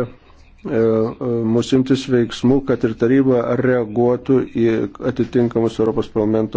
E, e, mūsų imtis veiksmų, kad ir taryba reaguotų į atitinkamus Europos parlamento